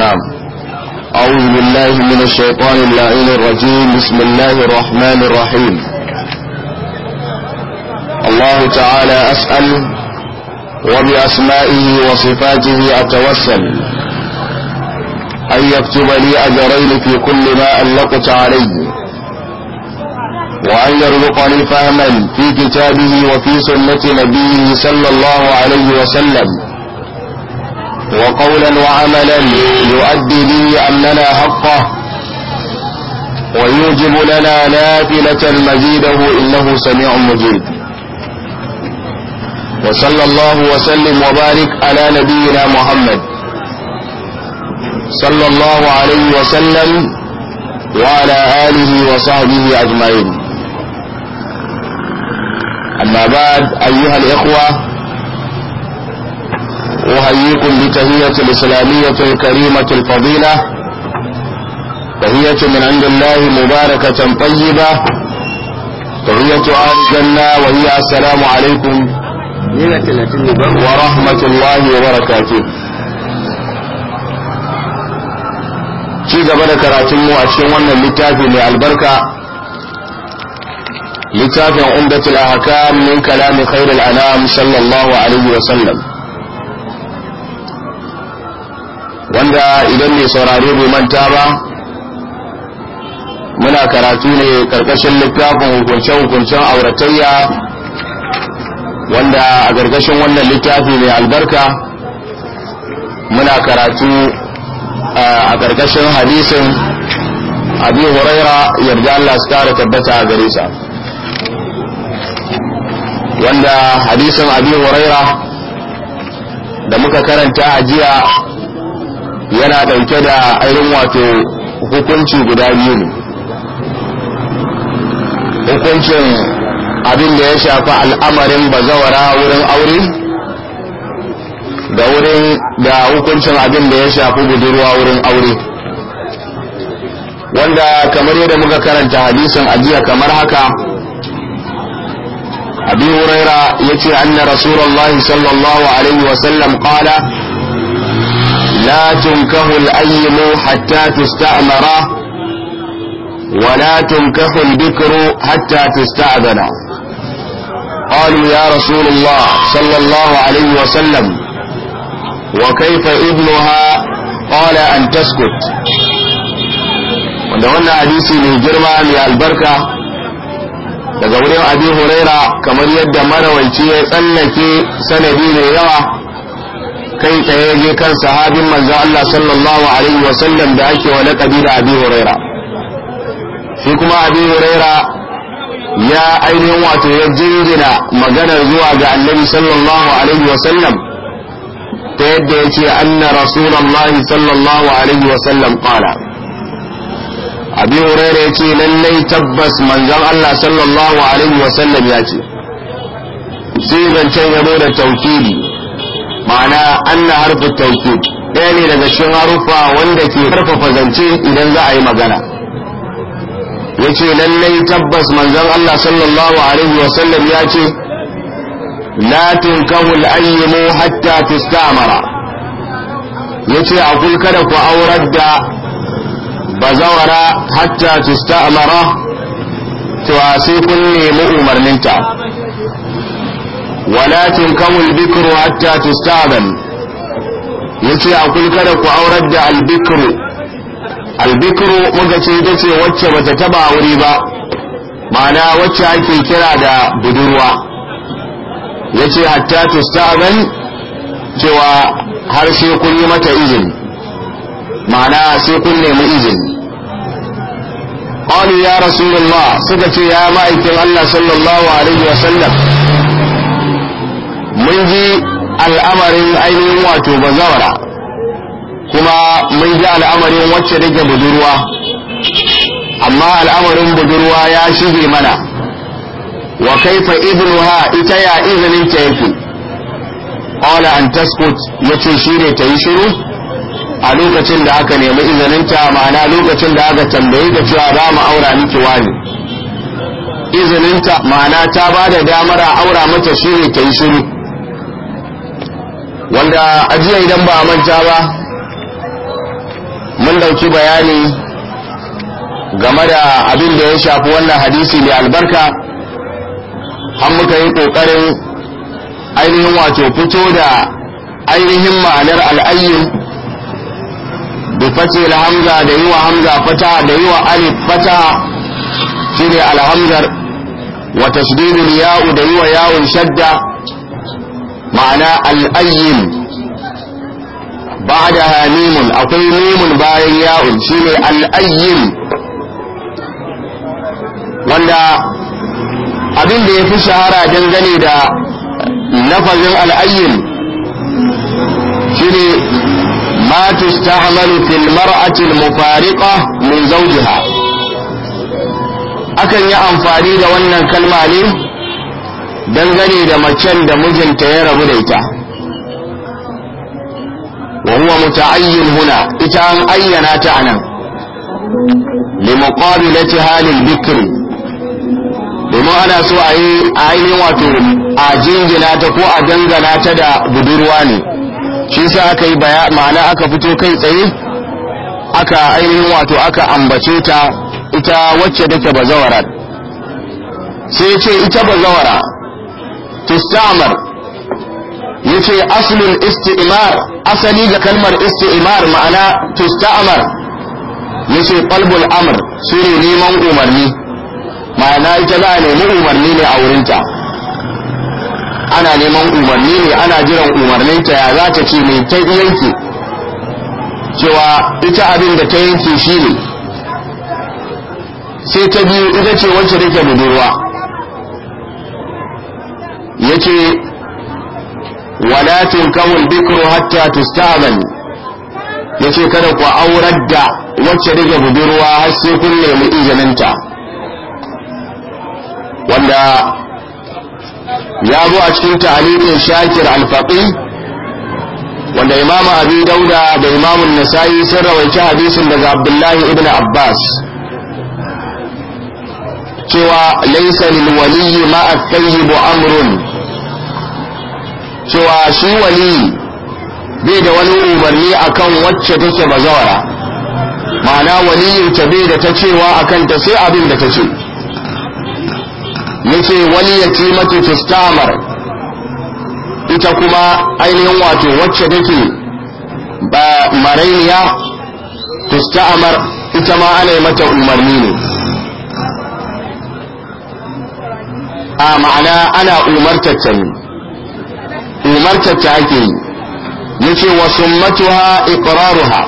نعم أعوذ بالله من الشيطان اللعين الرجيم بسم الله الرحمن الرحيم الله تعالى أسأل وبأسمائه وصفاته أتوسل أن يكتب لي أجرين في كل ما ألقت عليه وأن يرزقني فهما في كتابه وفي سنة نبيه صلى الله عليه وسلم وقولا وعملا يؤدي به أننا حقه ويوجب لنا نافلة مزيده إنه سميع مجيب وصلى الله وسلم وبارك على نبينا محمد صلى الله عليه وسلم وعلى آله وصحبه أجمعين أما بعد أيها الإخوة أحييكم بتهية الإسلامية الكريمة الفضيلة تهية من عند الله مباركة طيبة تهية أهل الجنة وهي السلام عليكم ورحمة الله وبركاته شيء قبل كراتم وأشيوان اللتاف البركة لتاف عمدة الأحكام من كلام خير الأنام صلى الله عليه وسلم wanda idan mai saurare bai manta ba muna karatu ne karkashin littafin hukunce-hukuncen auratayya wanda a karkashin wannan littafi mai albarka muna karatu a karkashin hadisin Abin huraira yarda Allah su kara tabbata a gare sa wanda hadisin Abin huraira da muka karanta a jiya yana ɗauke da irin wato hukunci guda biyu ne hukuncin abin da ya shafi al'amarin bazawara wurin aure da wurin da hukuncin abin da ya shafi budurwa wurin aure wanda kamar yadda muka karanta hadisin ajiya kamar haka abi huraira yace anna rasulullahi sallallahu alaihi wa sallam qala لا تنكح الأيم حتى تستعمر ولا تنكح البكر حتى تستعذن قالوا يا رسول الله صلى الله عليه وسلم وكيف ابنها قال أن تسكت wanda wannan hadisi mai girma mai albarka daga wurin abi huraira kamar yadda marawanci ya tsallake sanadi mai yawa kai tsaye je kan sahabin manzo Allah sallallahu alaihi wa sallam da ake wa laqabi da Abi Huraira shi kuma Abi Huraira ya ainihin wato ya jingina maganar zuwa ga Annabi sallallahu alaihi wa sallam ta yadda yace anna rasulullahi sallallahu alaihi wa sallam qala Abi Huraira yace lallai tabbas manzon Allah sallallahu alaihi wa sallam yace sai zancen yabo da tauhidi ma'ana na harfi tawkid ɗaya ne daga cikin harufa wanda ke karfafa zance idan za a yi magana Ya yace lallai tabbas manzon Allah sallallahu alaihi wa sallam ya ce la tunkahu ayyimu hatta Ya ce a kada ku aurar da bazawara hatta tustamara to sai kun nemi umarninta wala tunkamu albikru hatta tustaban yace akul kada ku aurar da albikru albikru muga ce ita wacce bata taba wuri ba ma'ana wacce ake kira da budurwa yace hatta tustaban cewa har sai kun yi mata izini ma'ana sai kun nemi izini قالوا يا رسول الله سكتي يا مائك الله صلى الله عليه وسلم mun ji al'amarin ainihin wato bazawara kuma mun ji al'amarin wacce take budurwa amma al'amarin budurwa ya shige mana wa kaifa ibnuha ita ya izinin ta yake ala an taskut yace ne ta yi shiru a lokacin da aka nemi izininta ma'ana lokacin da aka tambaye ta cewa za mu aura miki wani izininta ma'ana ta ba da damar a aura mata shi ne ta yi shiru wanda ajiya idan ba a manta ba mun dauki bayani game da abin da ya shafi wannan hadisi mai albarka an muka yi kokarin ainihin wato fito da ainihin ma'anar al'ayyin da fasir hamza da yi wa hamza fata da yi wa alif fata shine alhamzar wa tasdidul ya'u da yi wa yawon shadda ma'ana da بعدها akwai أقول bayan باين shi ne الأيم wanda abin da ya fi shahara dangane da lafazin al'ayyin shi ne ma tustahmalu fil mar'atil mufariqa mun zaujiha. akan yi amfani da wannan kalma ne dangane da macen da mijinta ya rabu da ita wa huwa muta'ayyin huna ita an ayyana ta anan li muqabilati halil bikr domin ana so a yi a ainihin wato a jingina ta ko a dangana ta da budurwa ne shi sa aka yi ma'ana aka fito kai tsaye aka ainihin wato aka ambace ta ita wacce take bazawara sai ce ita bazawara tustamar yace aslul isti'mar asali ga kalmar isti'mar ma'ana tustamar yace qalbul amr shine neman umarni ma'ana ita za a nemi umarni ne a wurinta ana neman umarni ne ana jiran umarninta ya za ta ce mai ta yanke cewa ita abin da ta yanke shi sai ta biyu ita ce wacce take budurwa yace wala tunkahul bikru hatta tustaban yace kada ku aurar da wacce daga budurwa har sai kun nemi izininta wanda ya zo a cikin ta'alimin shakir alfaqi wanda imam abi dauda da imam an-nasa'i sun rawaita hadisin daga abdullahi ibn abbas cewa laysa lil waliyyi ma'a thayyibu amrun cewa shi wali bai da wani umarni akan wacce take bazawara ma'ana wali ta bai da ta cewa akan ta sai abin da ta ce yace waliyati mati tustamar ita kuma ainihin wato wacce take ba marainiya tusta'amar ita ma ana mata umarni ne a ma'ana ana umartar ta ne umarta ta ake yi ce wa summatuha iqraruha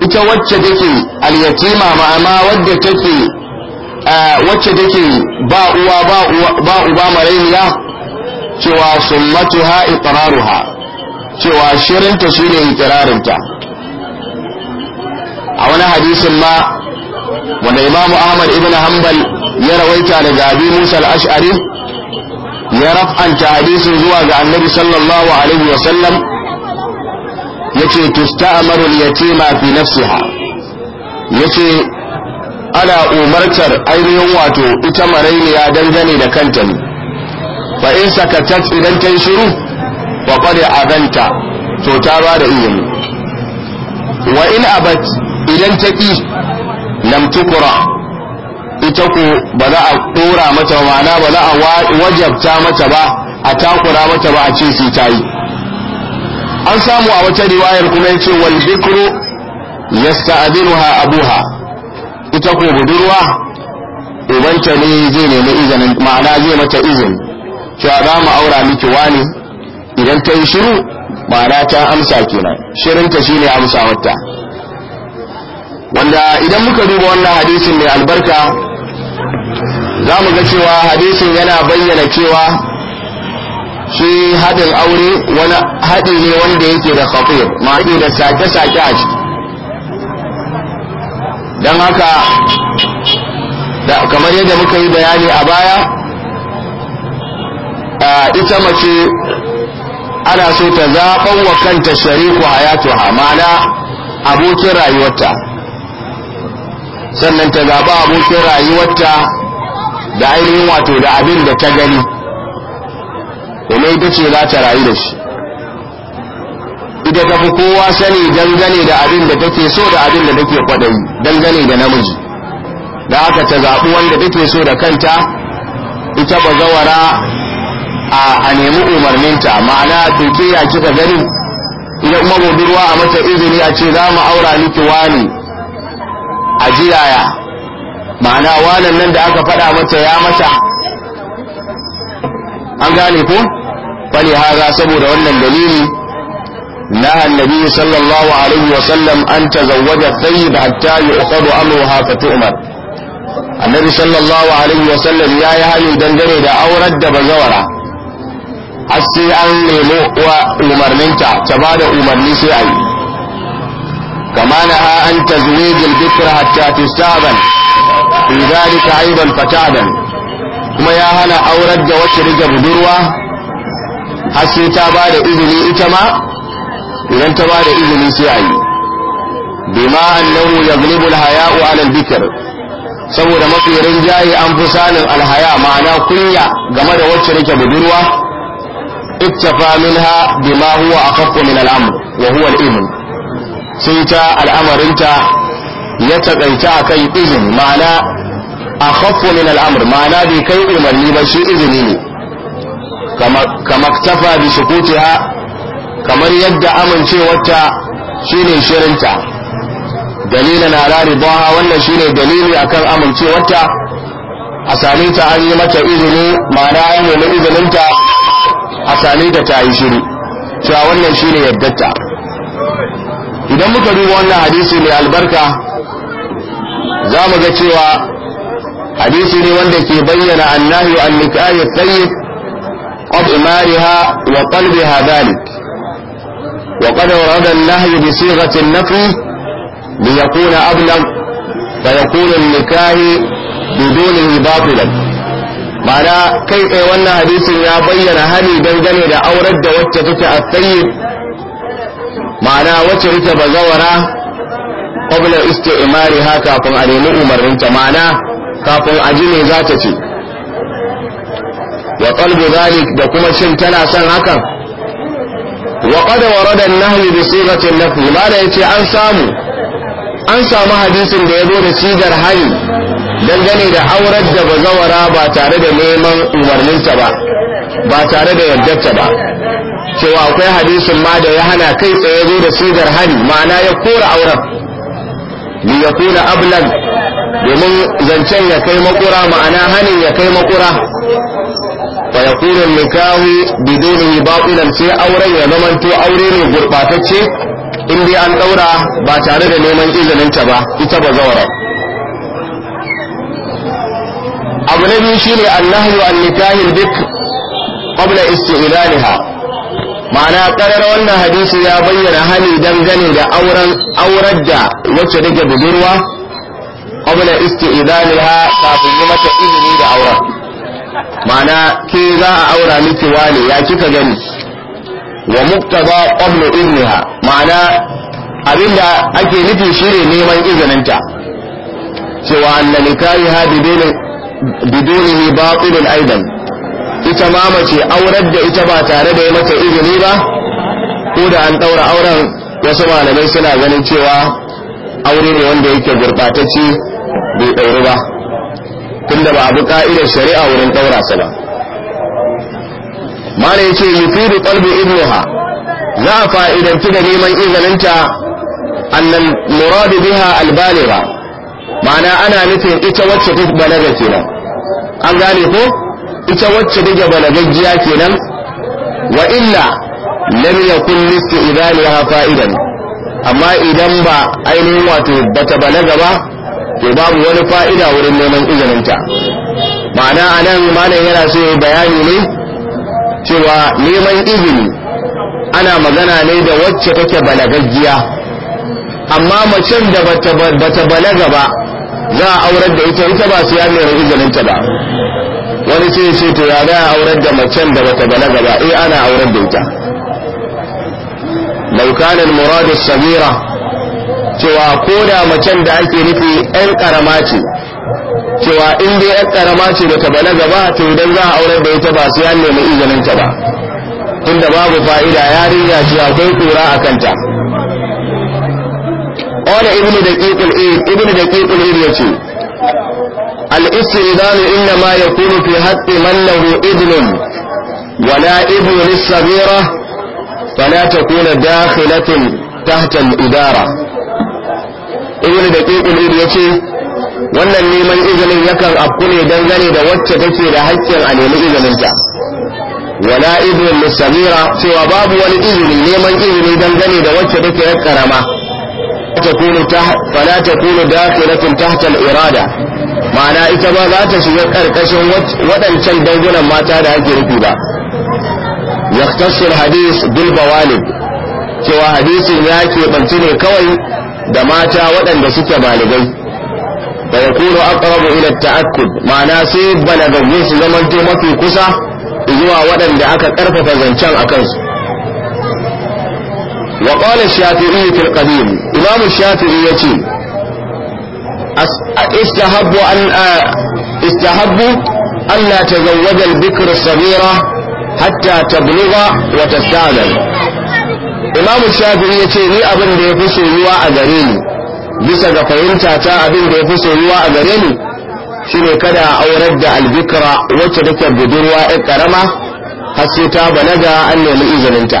ita wacce take al-yatima ma'ana wadda take wacce take ba uwa ba uba marainiya cewa summatuha iqraruha cewa shirinta ne iqrarinta a wani hadisin ma wanda imamu ahmad ibn hanbal ya rawaita daga abi musa al-ash'ari ya raf'anta hadisin zuwa ga annabi sallallahu alaihi wa sallam yace tusta'maru al-yatima fi nafsiha yace ana umartar ainihin wato ita marainiya dangane da kanta ne fa in sakatat idan ta yi shiru wa qad abanta to ta ba da ilimi wa in abat idan ta ki lam tukra ita ko ba za a dora mata ba ma'ana ba za a wajabta mata ba a takura mata ba a ce sai ta yi an samu a wata riwayar kuma yace wal bikru yasta'dinuha abuha ita ko budurwa ubanta ne zai nemi izinin ma'ana zai mata izini cewa za mu aura miki wani idan ta yi shiru ma'ana ta amsa kenan shirinta shine amsa wata wanda idan muka duba wannan hadisin mai albarka za mu ga cewa hadisin yana bayyana cewa shi haɗin aure wani haɗi ne wanda yake da khatir ma'ana da sake-sake a ciki don haka kamar yadda muka yi bayani a baya ita mace ana so ta zaɓan wa kanta shariku hayatuha ma'ana abokin rayuwarta sannan ta zaɓa abokin rayuwarta da ainihin wato da abin da ta gani kuma ita ce za ta rayu da shi ita tafi kowa sani dangane da abin da take so da abin da take kwadayi dangane da namiji da aka ta zaɓi wanda take so da kanta ita ba zawara a nemi umarninta ma'ana ya kika gani ita kuma budurwa a mata izini a ce za mu aura miki wani a jiyaya ma'ana wanan nan da aka faɗa mata ya mata an gane ko fali haza saboda wannan dalili na annabi sallallahu alaihi wa sallam an tazawwaja tayyib hatta yu'khadu amruha fa tu'mar annabi sallallahu alaihi wa sallam yayi hali dangane da aurar da bazawara har sai an nemo wa umarninta ta bada umarni sai ayi. yi kama na an tazwijil bikra hatta tusaban fi zalika aidan fatadan kuma ya hana aurar da wacce rija budurwa har sai ta ba da izini ita ma idan ta ba da izini sai a yi bima annahu yaghlibu alhaya'u ala albikr saboda mafirin jayi an fi sanin alhaya ma'ana kunya game da wacce rike budurwa iktafa minha bima huwa akhaffu min al'amr wa huwa al'ilm sai ta al'amarinta ya takaita kai izini ma'ana akhaffu min al'amur ma'ana bai kai umarni ba shi izini ne kamar tafa bi sukutiha kamar yadda amincewarta shine shirinta dalilin rari ridaha wannan shine dalili akan amincewarta a sami ta an yi mata izini ma'ana an nemi izininta a sami ta ta yi shiru cewa wannan shine yaddata idan muka duba wannan hadisi mai albarka za mu ga cewa hadisi ne wanda ke bayyana annahi an nikahi tayyib qad imariha wa qalbiha dhalik wa qad warada an-nahy bi sighati an-nafi li yakuna ablagh fa yakuna an-nikah bidunihi batilan ma'ana kai tsaye wannan hadisin ya bayyana hali dangane da aurar da wacce take a tayyib ma'ana wacce take bazawara qabla haka kafin a nemi umarnin ta ma'ana kafin a ji za ta ce wa qalbu zalik da kuma shin tana son hakan wa qad warada an-nahy bi sighati an-nafi da yace an samu an samu hadisin da ya zo da sigar hali dangane da aurar da bazawara ba tare da neman umarninta ba ba tare da ta ba cewa akwai hadisin ma da ya hana kai tsaye zo da sigar hali ma'ana ya kora auren li yakuna ablan domin zancen ya kai makura ma'ana hanin ya kai makura fa yakunu nikahu ba batilan sai auren ya zamanto aure ne gurbatacce in dai an daura ba tare da neman izininta ba ita ba zawara abu na biyu shine allahu an duk dik qabla isti'laliha ma'ana karar wannan hadisi ya bayyana hali dangane da auren aurar da wacce take budurwa qabla ha kafin yi mata izini da auren ma'ana ke za a aura miki wani ya kika gani wa muqtada qabla izniha ma'ana abinda ake nufi shine neman izininta cewa anna ne ha bidunihi batilun aidan ita ma mace aurar da ita ba tare da ya mata izini ba ko da an daura auren wasu malamai suna ganin cewa aure ne wanda yake gurbatacce bai dauri ba tunda ba abu ka'idar shari'a wurin daura sa ba mala yace yufidu qalbi ibnuha za a fa'idanci da neman izininta annal muradu biha albaliga ma'ana ana nufin ita wacce ta balaga kenan an gane ko ita wacce take balagaggiya kenan wa illa lam yakun ha fa'idan amma idan ba ainihin wato bata balaga ba to babu wani fa'ida wurin neman izininta ma'ana anan malam yana so bayani ne cewa neman izini ana magana ne da wacce take balagajjiya amma macen da bata balaga ba za a aurar da ita ita ba su ya izinin ta ba wani sai ce to ya da auren da macen da bata balaga ba eh ana auren da ita lau kana muradu Samira. cewa ko da macen da ake nufi ɗan karama ce cewa in dai ɗan karama ce bata balaga ba to idan za a aurar da ita ba sai an nemi izinin ta ba inda babu fa'ida yarinya ce akwai kura a kanta قال ابن دقيق العيد ابن دقيق العيد يقول الاستئذان إنما يكون في حق من له ابن ولا ابن للصغيرة فلا تكون داخلة تحت الإدارة ابن دقيق الإبن wannan neman izinin yakan afku ne dangane da wacce take da hakkin a nemi izininta wala izinin musamira cewa babu wani izini neman izini dangane da wacce take yar karama ta fala ta kunu dakhilatun tahta al-irada ma'ana ita ba za ta shiga ƙarƙashin waɗancan dangunan mata da ake rufi ba yaktasir hadis bil cewa hadisin ya ke banci ne kawai da mata waɗanda suke baligai fa yakunu aqrabu ila ta'akkud ma'ana sai balagaggu su zamanto mafi kusa zuwa waɗanda aka karfafa zancen a kansu wa qala shafi'i fil qadim imamu shafi'i yace استحب أن استحب أن لا تزوج البكر الصغيرة حتى تبلغ وتستعمل Imam Shafi'i ya ce ni abin da ya fi soyuwa a gare ni bisa ga fahimta ta abin da ya fi soyuwa a gare ni shine kada a aurar da albikra wacce take budurwa 'yar karama har sai ta balaga an nemi izininta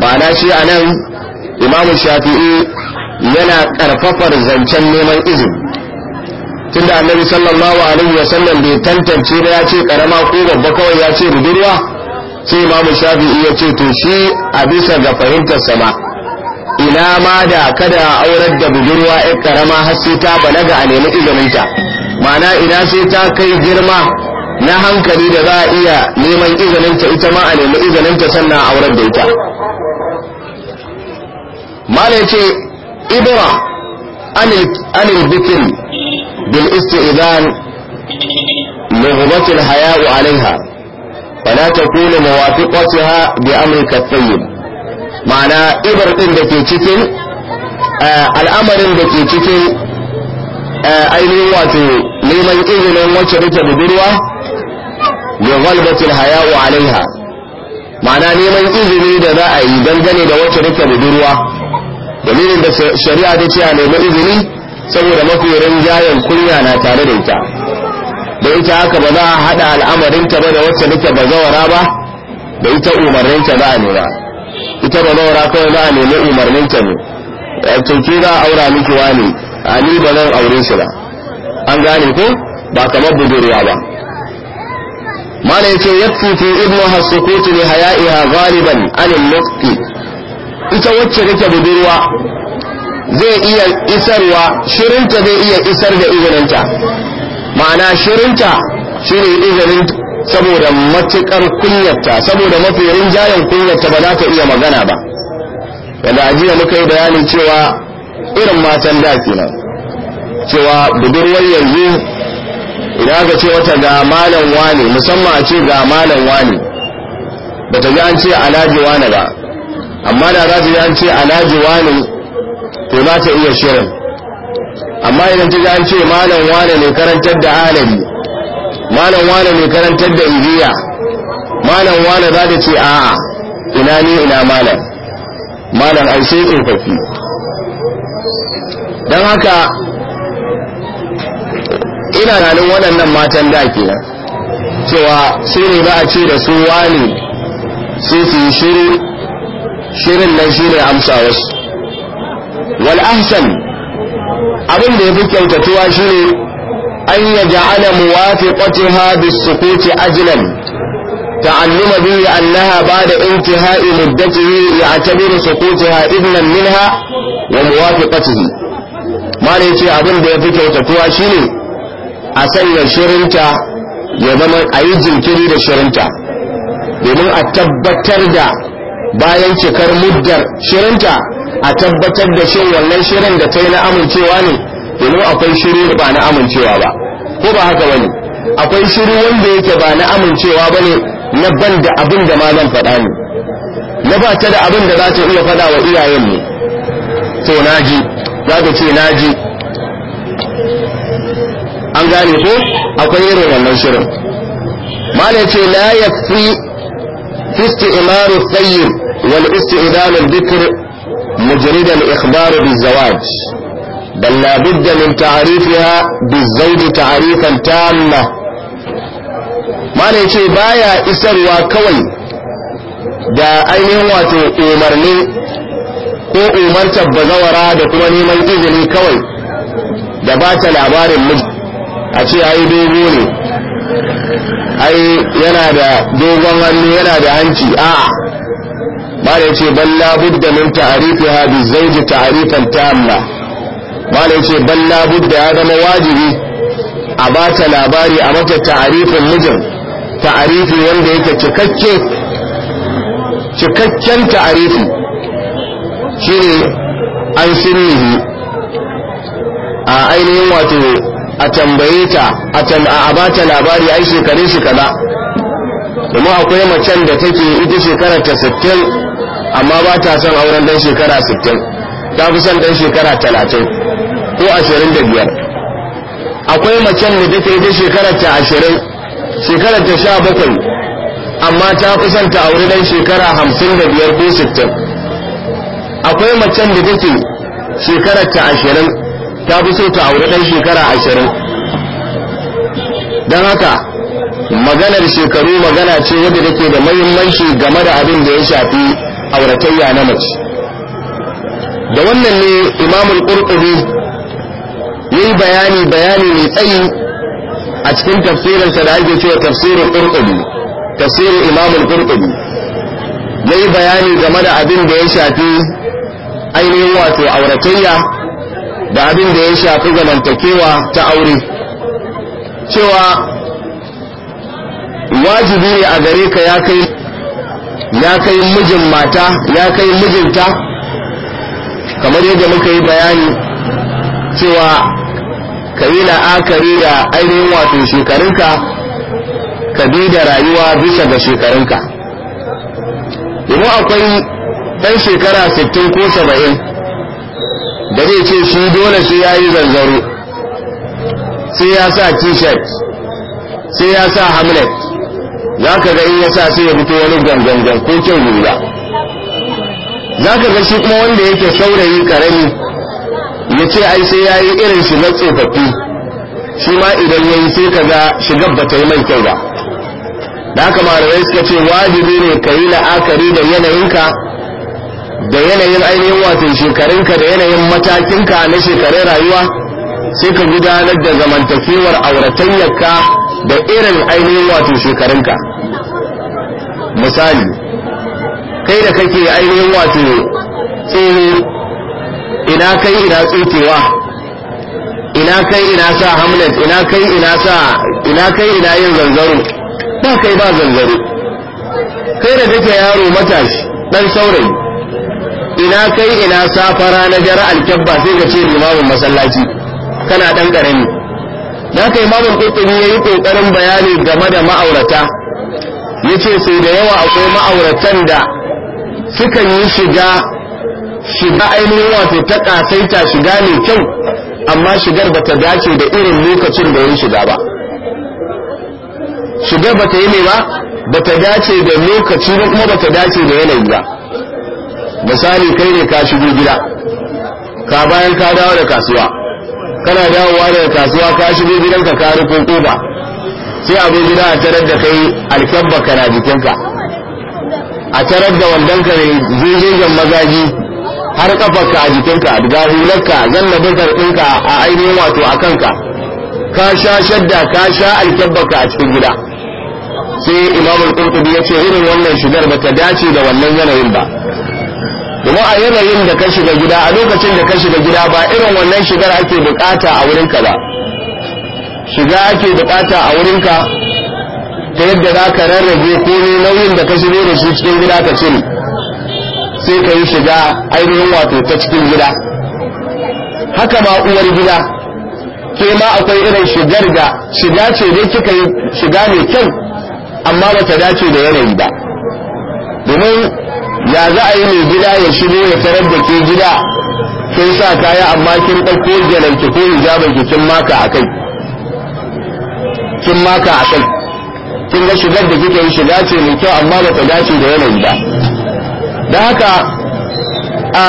ba na shi anan Imam Shafi'i yana karfafar zancen neman izini tunda annabi sallallahu alaihi wasallam bai tantance ba ya ce karama ko babba kawai ya ce budurwa sai imamu shafi'i ya ce to shi a bisa ga fahimtar sama ina ma da kada aurar da budurwa ya karama har sai ta balaga a nemi izininta ma'ana ina sai ta kai girma na hankali da za a iya neman izininta ita ma a nemi izininta sannan aurar da ita malai ce ibra an dhikr bil isti'dan لغبة الحياء عليها فلا تكون موافقتها بأمرك الطيب معنى إبر إن دكي تكن الأمر إن دكي تكن ainihin wato neman izinin wacce take budurwa bi ghalbatil haya'u alaiha ma'ana neman izini da za a yi dangane da wacce take budurwa dalilin da shari'a ta ce a nemi izini saboda makorin jayen kunya na tare da ita da ita haka ba za a al'amarin al'amarinta ba da wacce nake da zawara ba da ita umarninta za a nema ita ba zawara kawai za a nemi umarninta ne tunki za a aura miki wani a ni ba zan aure shi ba an gane ko ba kamar budurwa ba mana yace yakfi fi ibnu hasukuti li haya'iha ghaliban anil nutqi ita wacce kake budurwa zai iya isarwa shirinta zai iya isar da izininta ma'ana shirinta shine izinin saboda matukar kunyarta saboda mafi rinjayen kunyarta ba za ta iya magana ba wanda ajiya muka yi bayanin cewa irin matan da kenan cewa budurwar yanzu idan aka ce wata ga malam wani musamman a ce ga malam wane bata ji an ce alaji wani ba amma da za su ji an ce alhaji wani to za ta iya shirin amma idan ta ji an ce malam wani ne karantar da alabi malam wani ne karantar da ibiya malam wani za ta ce a'a ina ni ina malam malam ai sai tsofaffi don haka ina ranar waɗannan matan da ke cewa sai ne za a ce da su wani sai su yi shiru shirin nan shi ne amsa wasu wal ahsan abin da ya fi kyautatuwa shi ne an yi ja'ala muwafiqatiha bisukuti ajlan ta'allama bi annaha ba'da intihai muddatihi ya'tabiru sukutiha ibnan minha wa muwafiqatihi mare ce abin da ya fi kyautatuwa shi ne a sanya shirinta ya zama a yi jinkiri da shirinta domin a tabbatar da bayan cikar muddar shirinta a tabbatar da shi wannan shirin da ta yi na amincewa ne domin akwai shiru ba na amincewa ba ko ba haka wani akwai shiru wanda yake ba na amincewa ba ne na ban da abin da ma zan faɗa ne na ba ta da abin da za ta iya faɗa wa iyayen ne to naji za ta ce naji an gane ko akwai irin wannan shirin malai ce la fi في استئمار الثيب والاستئذان الذكر مجردا الاخبار بالزواج بل لا بد من تعريفها بالزوج تعريفا تاما ما نيشي بايا اسر وكوي دا اين واتو امرني ko umarta bazawara da kuma neman izini kawai da ba ta labarin a ce ai dogo ne ai yana da dogon hannu yana da hanci a'a bala ce bal la budda min ta'rifiha bi zawj ta'rifan tamma bala ce bal la budda ya zama wajibi a bata labari a mata ta'arifin mijin ta'arifi wanda yake cikakke cikakken ta'arifi shine an sunnihi a ainihin wato a tambaye ta a bata labari ai shekarun shi kaza domin akwai macen da take ita shekarar ta 60 amma ba ta son auren dan shekara 60 ta fi son dan shekara 30 ko 25 akwai macen da take ita shekarar ta 20 shekarar ta 17 amma ta fi son ta auri dan shekara 55 ko 60 akwai macen da take shekarar ta ashirin. ta fi so ta aure ɗan shekara ashirin don haka maganar shekaru magana ce wadda take da mahimmanci game da abin da ya shafi auratayya na mace da wannan ne imamul qurtubi yayi bayani bayani mai tsayi a cikin tafsirinsa da ake cewa tafsirin qurtubi tafsirin imamul qurtubi yayi bayani game da abin da ya shafi ainihin wato auratayya da abin da ya shafi zamantakewa ta aure cewa wajibi ne a gare ka ya kai ya kai mijin mata ya kai mijinta kamar yadda muka yi bayani cewa ka yi la'akari da ainihin wato shekarunka ka bi da rayuwa bisa ga shekarunka idan akwai ɗan shekara 60 ko 70 da zai ce shi dole sai ya yi zanzaro sai ya sa t-shirt sai ya sa hamlet za ka ga in ya sa sai ya fito wani gangan ko kyau guda. za ka ga shi kuma wanda yake saurayi karami ya ce ai sai ya yi irin shigar tsofaffi shi ma idan ya yi sai ka ga shigar ba ta yi mai kyau ba da haka malamai suka ce wajibi ne ka yi la'akari da yanayinka da yanayin ainihin wato shekarunka da yanayin matakinka na shekarun rayuwa sai ka gudanar da zamantakewar auratayyarka da irin ainihin wato shekarunka misali kai da kake ainihin wato tsere ina kai ina tsokewa ina kai ina sa hamlet ina kai ina sa ina kai ina yin zanzaro ba kai ba zanzaro kai da kake yaro matashi dan saurayi ina kai ina safara na jar alkyabba sai ka ce limamin masallaci kana dan karami da kai imamin kokari ya yi kokarin bayani game da ma'aurata ya ce sai da yawa akwai ma'auratan da sukan yi shiga shiga ainihin wato ta kasaita shiga mai kyau amma shigar bata dace da irin lokacin da ya shiga ba shigar bata yi ne ba bata dace da lokaci ba kuma bata dace da yanayi ba misali kai ne ka shigo gida ka bayan ka dawo da kasuwa kana dawowa daga kasuwa ka shigo gidanka ka rufe kofa sai abin gida a tarar da kai alkyabba kana jikinka a tarar da wandonka ne zirgin mazaji har kafarka a jikinka ga hularka zannabin ka a ainihin wato a kanka ka sha shadda ka sha alkyabbaka a cikin gida sai imamul qurtubi ya ce irin wannan shigar ba ta dace da wannan yanayin ba domin a yanayin da ka shiga gida a lokacin da ka shiga gida ba irin wannan shigar ake bukata a wurinka ba shiga ake bukata a wurinka ta yadda za ka rarrabe ko ne nauyin da ka shigo da shi cikin gida ka cire sai ka yi shiga ainihin wato ta cikin gida haka ma uwar gida ke ma akwai irin shigar da shiga ce dai kika yi shiga mai kyau amma ba ta dace da yanayi ba domin ya za a yi mai gida ya shigo ya tarar da ke gida kin sa kaya amma kin ɗauko jalanki ko hijabin ki kin maka a kai kin maka a kai kin ga shigar da kike yi shiga ce mai kyau amma ba ta dace da yanayi ba da haka a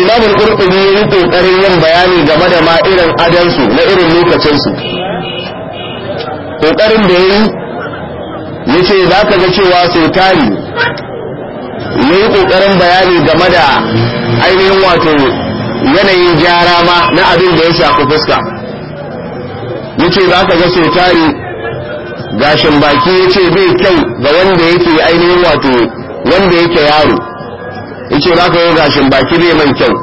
imam al-qurtubi yi kokarin yin bayani game da ma irin adansu na irin lokacinsu Ƙoƙarin da yayi yace zaka ga cewa sai tari ya yi ƙoƙarin bayani game da ainihin wato yanayin gyara ma na abin da ya shafi fuska Ya ce za ka ga sau tari gashin baki ya ce bai kyau ga wanda yake ainihin wato wanda yake yaro Ya ce za ka ga gashin baki bai mai kyau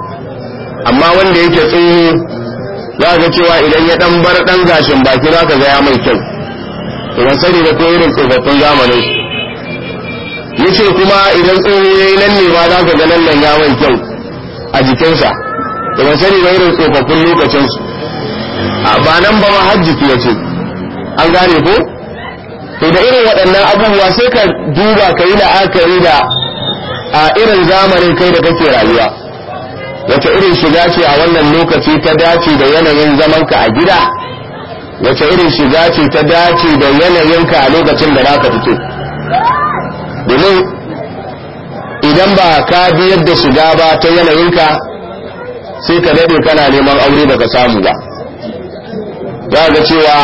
amma wanda yake tsoho za ga cewa idan ya dan bar dan gashin baki za ka ga mai kyau idan sani da ko irin tsofaffin zamanin yace kuma idan ya yi nan ne ba za ka ga nan nan ya kyau a jikinsa da ba sani da irin tsofaffin lokacinsu ba nan ba ma hajjiki yace an gane ko to da irin waɗannan abubuwa sai ka duba ka yi la'akari da a irin zamanin kai da kake rayuwa wace irin shiga ce a wannan lokaci ta dace da yanayin zaman ka a gida wace irin shiga ce ta dace da yanayinka a lokacin da naka fito domin idan ba ka biyar da shiga ba ta yanayinka sai ka daɗe kana neman aure da ka samu ba za ga cewa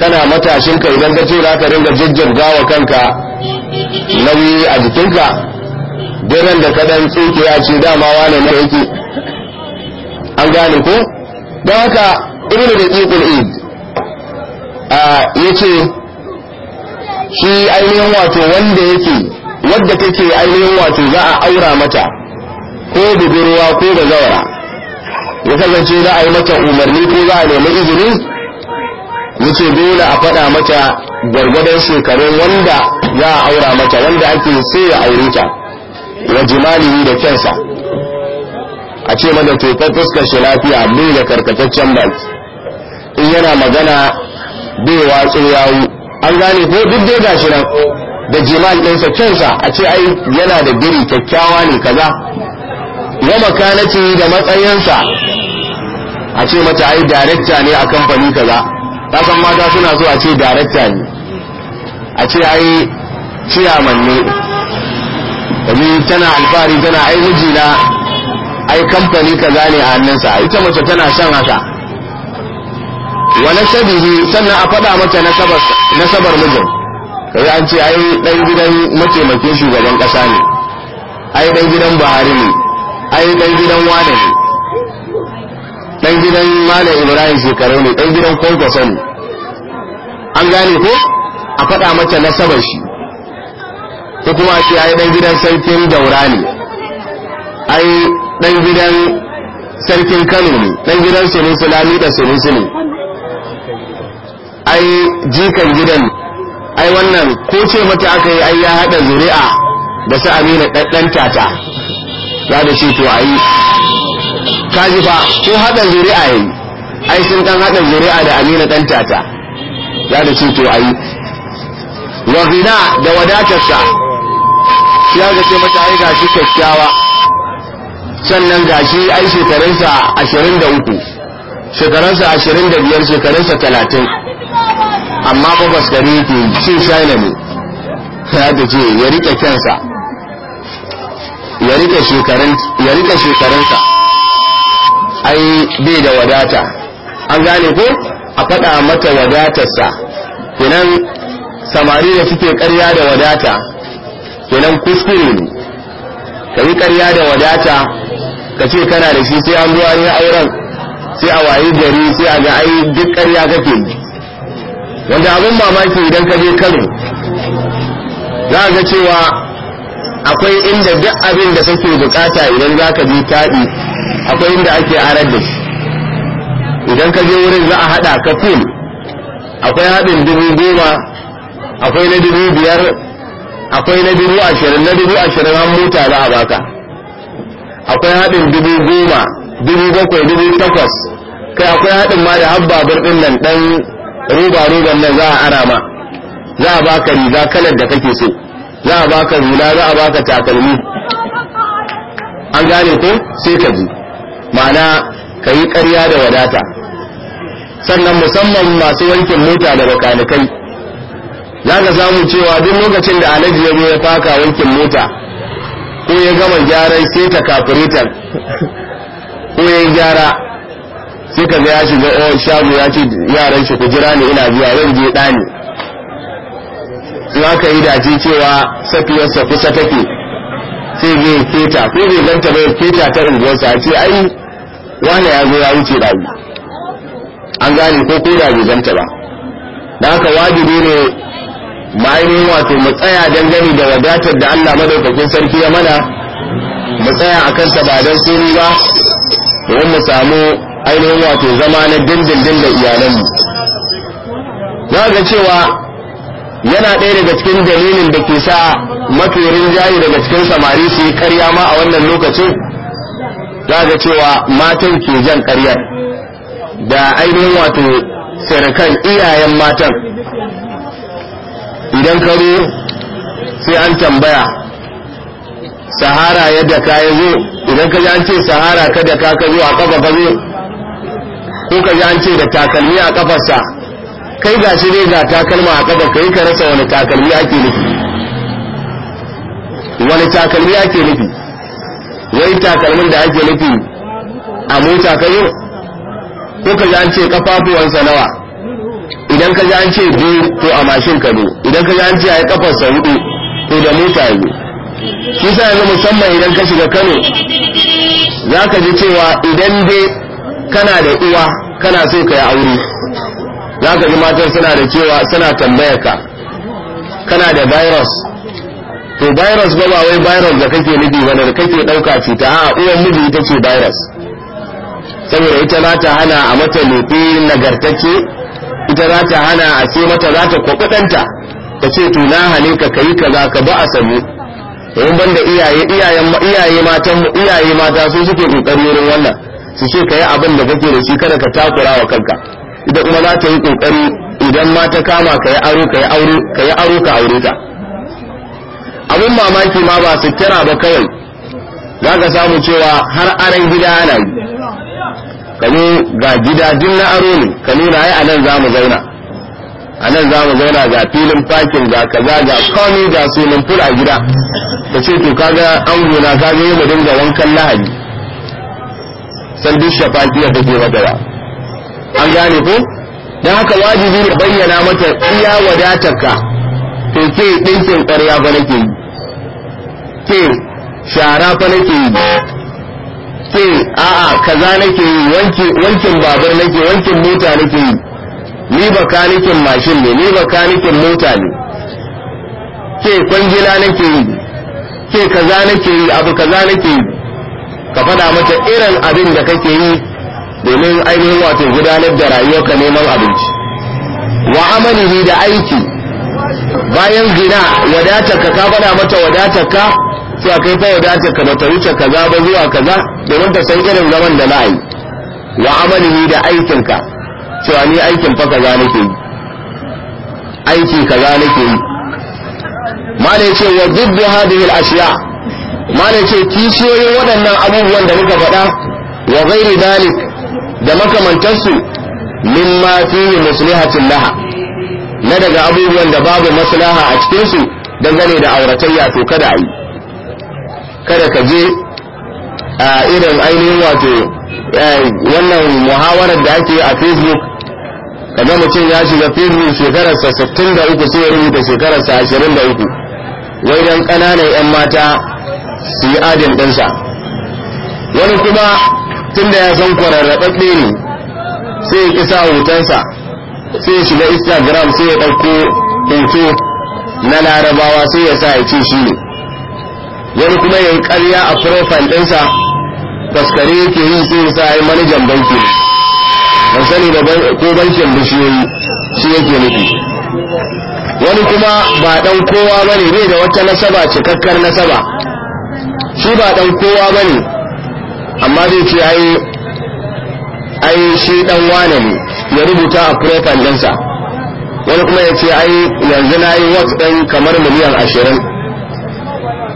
kana matashinka idan ka ce za ka dinga jijjirga wa kanka nauyi a jikinka daren da ka ɗan tsoke ya ce dama wane na yake an gane ko don haka irin da a ya ce shi ainihin wato wanda yake wadda take ainihin wato za a aura mata ko budurwa ko da zawara. ya kasance za a yi mata umarni ko za a nemi izini yace dole a faɗa mata gwargwadon shekarun wanda za a aura mata wanda ake so ya aure ta wa jimalihi da kyansa a ce mata to fa fuskar shi lafiya bai da karkataccen baki in yana magana bai watsu yawu an gane ko duk dai gashi nan da jimal ɗinsa kansa a ce ai yana da biri kyakkyawa ne kaza wa makanati da matsayinsa a ce mata ai darekta ne a kamfani kaza kasan mata suna so a ce darekta ne a ce ai ciyaman ne domin tana alfahari tana ai mijina ai kamfani kaza ne a hannunsa ita mace tana shan haka wa nasabihi sannan a faɗa mata nasabar nasabar mijin kai an ce ai dan gidan mataimakin shugaban ƙasa ne ai dan gidan Buhari ne ai dan gidan Wane ne dan gidan Malam Ibrahim shekaru ne dan gidan Kwankwasa ne an gane ko a faɗa mata nasabar shi ko kuma ce ai dan gidan sarkin daura ne ai dan gidan sarkin Kano ne dan gidan Sunusulami da Sunusuli ai jikan gidan ai wannan ko ce mata aka yi ai ya hada zuri'a da su amina ɗanɗan tata za da ce to ayi kaji fa ko hada zuri'a yi ai sun kan hada zuri'a da amina ɗan tata za da ce to ayi wa gina da wadatarsa ya ga ce mata ai gashi kyakkyawa sannan gashi ai shekarunsa ashirin da uku shekarunsa ashirin da biyar shekarunsa talatin amma babas gari ke yi cin shaina ne ya da ce ya rike kyansa ya rike shekarunsa ai bai da wadata an gane ko a faɗa mata wadatarsa kinan samari da suke karya da wadata kinan kuskure ne ka yi karya da wadata ka ce kana da shi sai an zuwa ne auren sai a wayi gari sai a ga ai duk ƙarya kake wanda abin mamaki idan ka je kano za ga cewa akwai inda duk abin da kake bukata idan za ka je taɗi akwai inda ake arar da shi idan ka je wurin za a haɗa ka fil akwai haɗin dubu goma akwai na dubu biyar akwai na dubu ashirin na dubu ashirin an mota za a baka akwai haɗin dubu goma dubu bakwai dubu takwas kai akwai haɗin ma da habbabar ɗinnan nan ɗan ruba nan za a ara ma za a baka riga kalar da kake so za a baka hula za a baka takalmi an gane ko sai ka ji ma'ana ka yi ƙarya da wadata sannan musamman masu wankin mota da bakanikai za ka samu cewa duk lokacin da alaji ya zo ya faka wankin mota ko ya gama gyaran sai ta kafiretar ko ya gyara sai ka ya shiga eh, shago ya ce yaran shi ku jira ne ina zuwa yau je ɗani za ka yi dace cewa safiyarsa kusa take sai zai keta ko zai ganta bai keta ta unguwarsa a ce ai wane ya zo ya wuce rayu an gane ko ko da bai ganta ba da haka wajibi ne ma'ainihin wato mu tsaya dangane da wadatar da Allah madaukakin sarki ya mana mu tsaya a kansa ba don suni ba domin mu samu ainihin wato zama na dindindin da iyalanmu za ga cewa yana ɗaya daga cikin dalilin da ke sa maturin jari daga cikin samari su yi karya ma a wannan lokacin za ga cewa matan ke jan karyar da ainihin wato sirikan iyayen matan idan karo sai an tambaya sahara yadda ka ya zo idan ka ji an ce sahara ka da ka ka zo a kafa ka zo ko ka ji an ce da takalmi a kafarsa kai ga shi ne ga takalma a kafa kai ka rasa wani takalmi ake nufi wani takalmi ake nufi wai takalmin da ake nufi a mota ka zo ko ka ji an ce kafafuwansa nawa idan ka ji an ce biyu to a mashin ka zo idan ka ji an ce a yi kafarsa hudu to da mota ya zo shi sa yanzu musamman idan ka shiga kano za ka ji cewa idan dai kana da uwa kana so ka yi aure za ka ji matan suna da cewa suna tambayar ka kana da virus to virus ba ba wai virus da kake nufi wanda da kake ɗauka cuta a uwan miji ita ce virus saboda ita za ta hana a mata lefe nagartacce ita za ta hana a ce mata za ta kwakwadanta ɗanta ta ce tunaha na ka kayi kaza ka ba a samu yayin banda iyaye iyayen iyaye matan iyaye mata su suke kokari wurin wannan su ce kai abin da kake da shi kada ka takura wa kanka idan kuma za ta yi kokari idan ma ta kama kai aro kai aure kai aro ka aure ta abin mamaki ma ba su kira ba kawai za ka samu cewa har aran gida ana yi kamo ga gida din na aro ne ka nuna ai anan za mu zauna anan za mu zauna ga filin fakin ga kaza ga komai ga sunan ful a gida da ce to kaga gona ka kaga yau mu dinga wankan lahadi san duk shafafiya ke mata ba an gane ko dan haka wajibi ne bayyana mata iya ka to ke dinkin ƙarya fa nake yi ke shara fa nake yi ke a'a kaza nake yi wanki wankin babur nake wankin mota nake yi ni bakanikin mashin ne ni bakanikin mota ne ke kwangila nake yi ce kaza nake yi abu kaza nake yi ka faɗa mata irin abin da kake yi domin ainihin wato gudanar da rayuwarka neman abinci wa amalihi da aiki bayan zina wadatar ka faɗa mata wadatarka sai kai fa wadatar ka ta wuce kaza ba zuwa kaza domin ta san irin zaman da na yi wa amalihi da aikinka cewa ni aikin fa kaza nake yi aiki kaza nake yi malai ce wa dubbi hadhihi ashiya malai ce kishiyoyin waɗannan abubuwan da muka faɗa wa ghairi dalik da makamantarsu makamantansu mimma fihi muslihatin laha na daga abubuwan da babu maslaha a cikinsu don dangane da auratayya to kada a yi kada ka je a irin ainihin wato eh, wannan muhawarar da ake a facebook kaga mutum ya shiga facebook shekararsa 63 sai ya rubuta shekararsa 23 wai dan ƙananan 'yan mata su yi adin ɗinsa wani kuma tun da ya san kwararraɓaɓɓe ne sai ya sa hotonsa sai ya shiga instagram sai ya ɗauko hoto na larabawa sai ya sa ya ce shi ne wani kuma ya yi ƙarya a profile ɗinsa faskare yake yi sai ya sa ya yi manajan banki ban sani da ko bankin bishiyoyi shi yake nufi wani kuma ba dan kowa bane bai da wata nasaba cikakkar nasaba shi ba dan kowa bane amma zai ce ai ai shi dan wane ne ya rubuta a profile ɗinsa wani kuma ya ce ai yanzu na yi ɗin kamar miliyan ashirin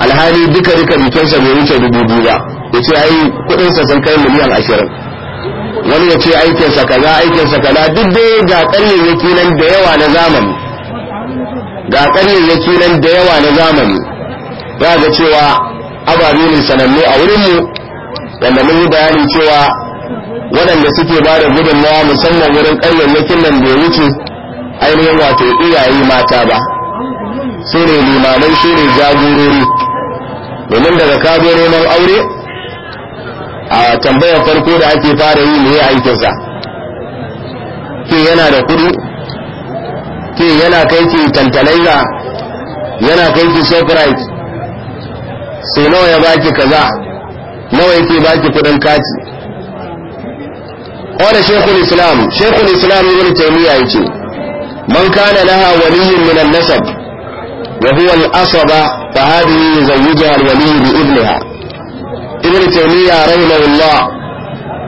alhali duka duka bikinsa bai wuce dubu biyu ba ya ce ai kuɗinsa sun kai miliyan ashirin wani ya ce aikinsa kaza aikinsa kaza duk dai ga ƙaryayyaki nan da yawa na zamani ga ƙaryayyaki nan da yawa na zamani ba ga cewa ababe ne sananne a wurinmu wanda mun yi bayani cewa waɗanda suke ba da gudunmawa musamman wurin ƙaryayyakin nan ya wuce ainihin wato iyaye mata ba su ne limamai su ne jagorori domin daga ka zo neman aure a tambayar farko da ake fara yi ne aikinsa ke yana da kudi ke yana kai ki tantalaiza yana kai ki shopright sai nawa ya baki kaza nawa ya ke baki kudin kati wanda shekul islam shekul islam yana taimiyya ya ce man kana laha waliyin minan nasar, wa huwa al-asaba fa hadhihi zawjaha al-wali bi ibniha ibn taymiya rahimahullah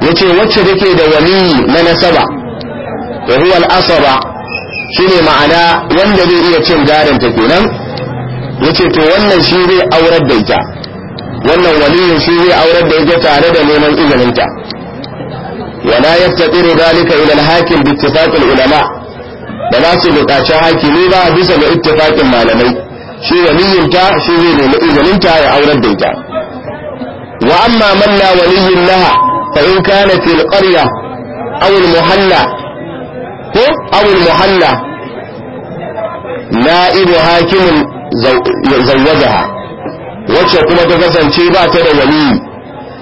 yace wacce take da wali na nasaba wa huwa al-asaba shine ma'ana wanda zai iya cin gadon ta kenan yace to wannan shi zai aurar da ita wannan waliyin shi zai aurar da ita tare da neman izinin ta wala yastatiru zalika ila al-hakim bi ittifaq ulama da za su buƙaci hakimi ba bisa ga ittifaqin malamai shi waliyin ta shi zai nemi izinin ta ya aurar da ita وأما من لا ولي لها فإن كان في القرية أو المحلة أو المحلة نائب حاكم زوجها wacce kuma ta kasance ba ta da waliyi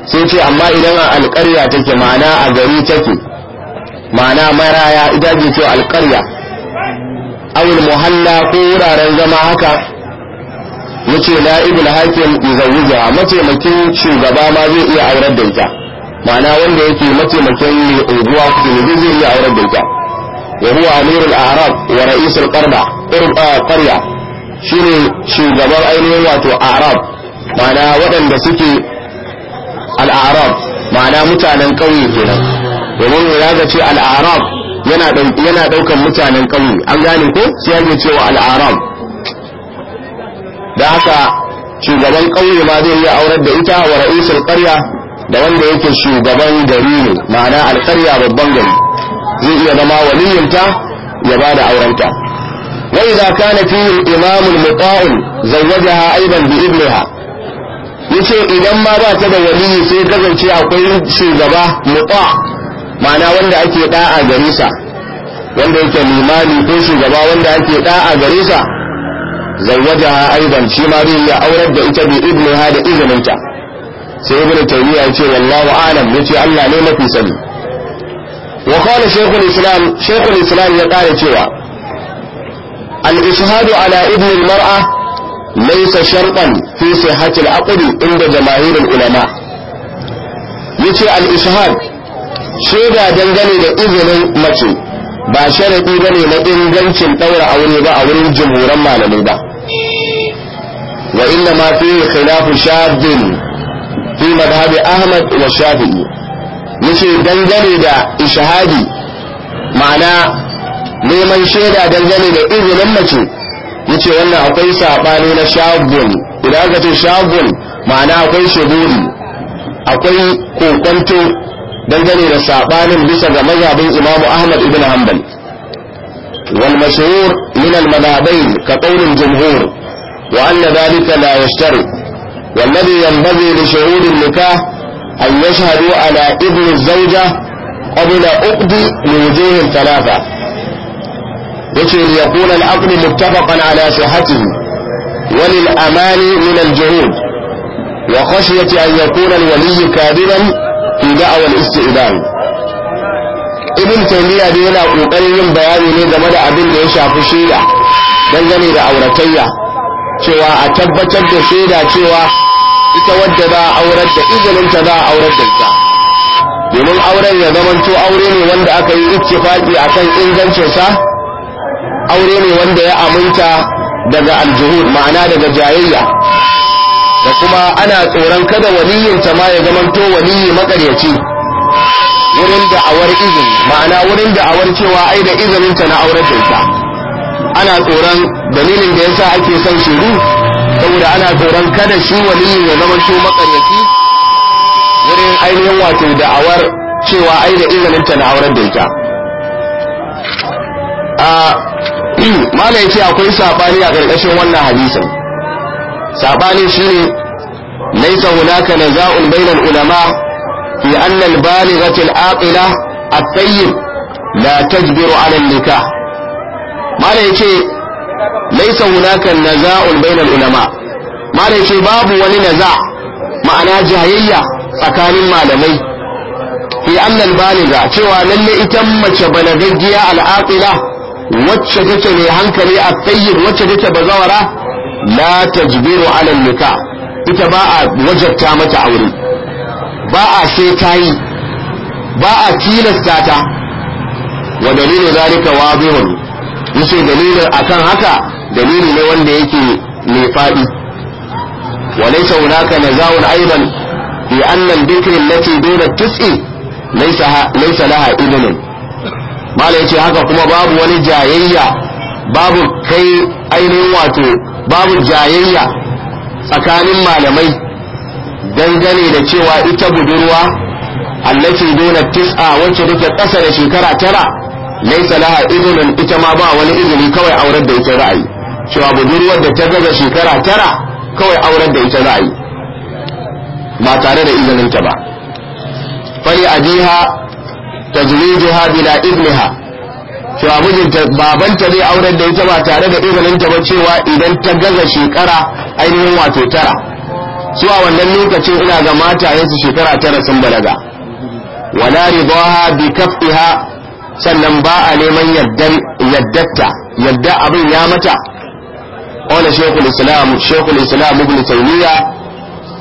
sai ce amma idan a alƙarya take ma'ana a gari take ma'ana maraya ita ce alƙarya awul muhalla ko wuraren zama haka yace na'ibul hakim yuzawwijuha mataimakin shugaba ma zai iya aurar da ita ma'ana wanda yake mataimakin mai unguwa kuma zai iya aurar da ita wa huwa amirul a'rab wa ra'isul qarda ah, qarya shine shugaban ainihin wato a'rab ma'ana waɗanda suke al'arab ma'ana mutanen ƙauye kenan domin ya ga ce al'arab yana ɗaukan mutanen ƙauye an gane ko sai ya ce wa al-arab da haka shugaban ƙauye ma zai iya aurar da ita wa ra'isul ƙarya da wanda yake shugaban gari ne ma'ana alƙarya babban gari zai iya zama waliyinta ya ba da aurenta wa idza na fi al-imam al-muta'in zawwajaha aidan bi ibnaha yace idan ma ba ta da waliyi sai kasance akwai shugaba muta ma'ana wanda ake da'a gare sa wanda yake limami ko shugaba wanda ake da'a a sa zawwajaha aidan shi ma zai iya aurar da ita bi ha da izininta sai ibnu taymiya yace wallahu alam yace Allah ne mafi sani wa qala shaykhul islam shaykhul islam ya kare cewa al ishhadu ala ibni al mar'a laysa shartan fi sihhati al aqd inda jama'ir al ulama yace al ishhad shaida dangane da izinin mace ba sharadi ne na ingancin daura aure ba a wurin jumhuran malamai ba wa inna ma fi khilafu shaddin fi madhhab ahmad wa shafi'i yace dangane da ishahadi ma'ana neman shaida dangane da izinin mace yace wannan akwai sabani na shagun idan aka ce shagun ma'ana akwai shahuri akwai kokonto dangane da sabanin bisa ga mazhabin Imam Ahmad ibn Hanbal wal mashhur min al madhabain ka qawl al jumhur wa anna dhalika la yashtari والذي ينبغي لشعور النكاح أن يشهدوا على ابن الزوجة قبل عقد لوجوه ثلاثة يشهد ليكون العقد متفقا على صحته وللأمان من الجهود وخشية أن يكون الولي كاذبا fi da'awar isti'dan ibn taymiya dai yana kokarin yin bayani ne game da abin da ya shafi shaida dangane da auratayya cewa a tabbatar da shaida cewa ita wadda za a aurar da izinin ta za a aurar da ita domin auren ya zamanto aure ne wanda aka yi ittifaqi akan ingancinsa aure ne wanda ya aminta daga aljuhud ma'ana daga jayayya da kuma ana tsoron kada ta ma ya zamanto waliyi makaryaci wurin da'awar izini ma'ana wurin da'awar cewa ai da izinin ta na aurar da ita ana tsoron dalilin da yasa ake son shiru saboda ana tsoron kada shi waliyin ya zamanto makaryaci wurin ainihin wato da'awar cewa ai da izinin ta na aurar da ita a ah, mala ce akwai sabani a ƙarƙashin wannan hadisin sabanin shine laysa hunaka naza'un bainal ulama fi anna al-balighati al-aqila at-tayyib la tajbiru 'ala an-nikah mala yace laysa hunaka naza'un bainal ulama mala yace babu wani naza ma'ana jayayya tsakanin malamai fi anna al-baligha cewa lalle ita mace balagaggiya al-aqila wacce take ne hankali a tsayyib wacce take bazawara لا تجبر على nika ita ba a wajabta mata aure ba a sai ta yi ba a tilasta ta wa dalilin zalika wadihun yace dalilin akan haka dalili ne wanda yake mai fadi wa laysa hunaka nazawun aidan bi anna al-dhikr allati duna tis'i laysa laysa laha idnun mala yace haka kuma babu wani jayayya babu kai ainihin wato babu jayayya tsakanin malamai dangane da cewa ita budurwa allati dona tis'a wacce take ƙasa da shekara tara laisa laha idunun ita ma ba wani izini kawai aurar da ita ra'ayi cewa budurwar da ta gaza shekara tara kawai aurar da ita ra'ayi ba tare da izininta ba fali ajiha tajrijuha bila idniha cewa mijinta babanta zai aurar da ita ba tare da izininta ba cewa idan ta gaza shekara ainihin wato tara su a wannan lokacin ina ga matayensu shekara tara sun balaga wala ridaha bi kaf'iha sannan ba a neman yaddatta yadda abin ya mata قال شيخ الإسلام شيخ الإسلام ابن تيمية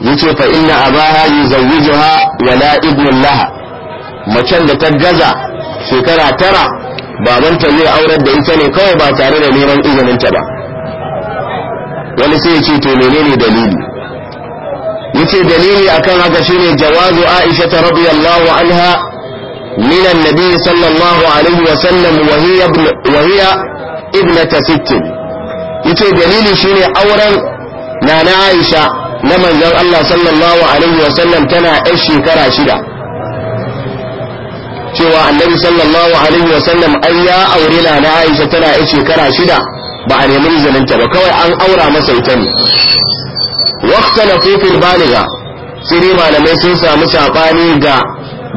yace fa inna abaha yuzawwijuha wala ibn laha macen da ta gaza shekara tara babanta zai aurar da ita ne kawai ba tare da neman izininta ba wani sai ce to menene dalili yace dalili akan haka shine jawazu aisha ta radiyallahu anha min annabi sallallahu alaihi wa sallam wa hiya wa hiya ibnata sittin yace dalili shine auren nana aisha na manzon Allah sallallahu alaihi wa sallam tana yar shekara shida cewa annabi sallallahu alaihi wa sallam an ya aure na Aisha tana yi shekara shida ba a nemi ta ba kawai an aura masa ita ne waqta lafifin baliga sai malamai sun samu sabani ga